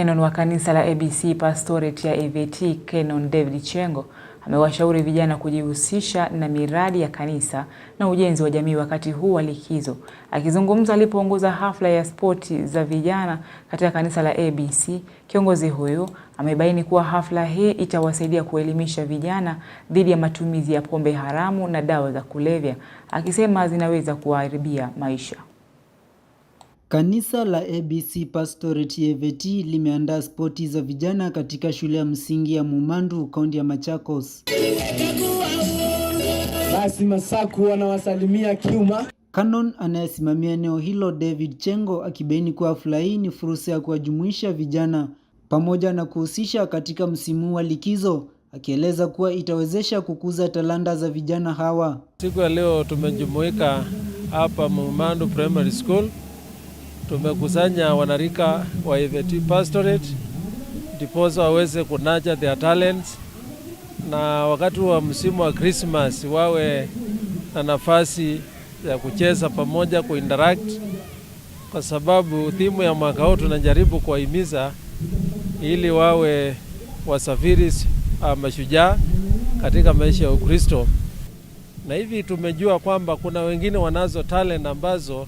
Kenon wa kanisa la ABC Pastorate ya EVT Kenon David Chengo amewashauri vijana kujihusisha na miradi ya kanisa na ujenzi wa jamii wakati huu wa likizo. Akizungumza alipoongoza hafla ya spoti za vijana katika kanisa la ABC, kiongozi huyu amebaini kuwa hafla hii itawasaidia kuelimisha vijana dhidi ya matumizi ya pombe haramu na dawa za kulevya, akisema zinaweza kuharibia maisha. Kanisa la ABC Pastorate EAVT limeandaa spoti za vijana katika shule ya msingi ya Mumandu, kaunti ya Machakos. Basi Masaku wanawasalimia kiuma. Kanon anayesimamia eneo hilo David Chengo akibaini kuwa hafla hii ni fursa ya kuwajumuisha vijana pamoja na kuhusisha katika msimu wa likizo, akieleza kuwa itawezesha kukuza talanta za vijana hawa. Siku ya leo tumejumuika hapa Mumandu Primary School tumekusanya wanarika wa EVT Pastorate ndiposa waweze kunacha their talents, na wakati wa msimu wa Christmas wawe na nafasi ya kucheza pamoja, kuinteract, kwa sababu timu ya mwaka huu tunajaribu kuwahimiza ili wawe wasafiri ah, mashujaa katika maisha ya Ukristo, na hivi tumejua kwamba kuna wengine wanazo talent ambazo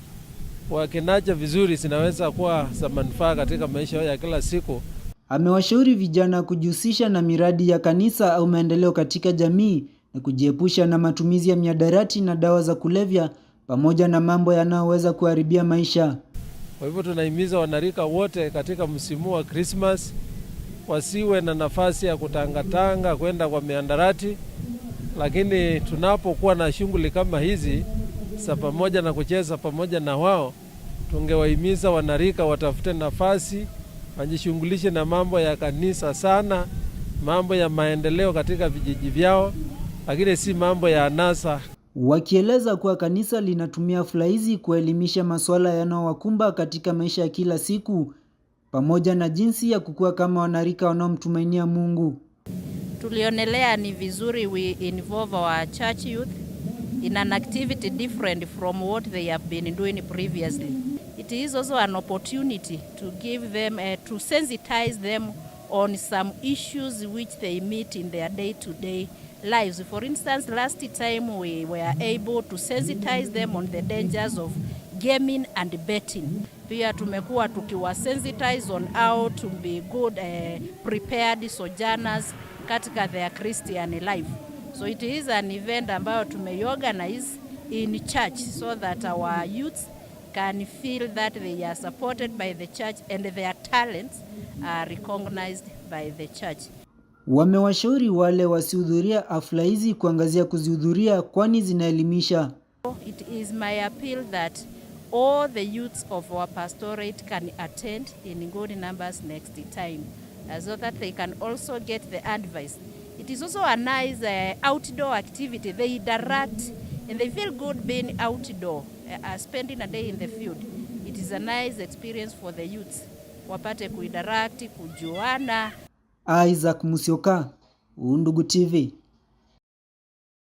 wakinacha vizuri zinaweza kuwa za manufaa katika maisha ya kila siku. Amewashauri vijana kujihusisha na miradi ya kanisa au maendeleo katika jamii na kujiepusha na matumizi ya miadarati na dawa za kulevya pamoja na mambo yanayoweza kuharibia maisha. Kwa hivyo tunahimiza wanarika wote katika msimu wa Krismas wasiwe na nafasi ya kutangatanga kwenda kwa miandarati, lakini tunapokuwa na shughuli kama hizi Sa pamoja na kucheza pamoja na wao, tungewahimiza wanarika watafute nafasi, wajishughulishe na mambo ya kanisa sana, mambo ya maendeleo katika vijiji vyao, lakini si mambo ya anasa wakieleza kuwa kanisa linatumia hafla hizi kuelimisha masuala yanayowakumba katika maisha ya kila siku pamoja na jinsi ya kukua kama wanarika wanaomtumainia Mungu. Tulionelea ni vizuri we involve our church youth in an activity different from what they have been doing previously. It is also an opportunity to give them, uh, to sensitize them on some issues which they meet in their day-to-day -day lives. For instance, last time we were able to sensitize them on the dangers of gaming and betting. Pia tumekuwa sensitize on how to be good uh, prepared sojourners katika their Christian life. So it is an event ambayo tumeorganize in church so that our youths can feel that they are supported by the church and their talents are recognized by the church. Wamewashauri wale wasihudhuria hafla hizi kuangazia kuzihudhuria kwani zinaelimisha. It is my appeal that all the youths of our pastorate can attend in good numbers next time uh, so that they can also get the advice It is also a nice uh, outdoor activity. They rat and they feel good being outdoor, uh, uh, spending a day in the field. It is a nice experience for the youth. Wapate kuidarati, kujuana. Isaac Musioka, Undugu TV.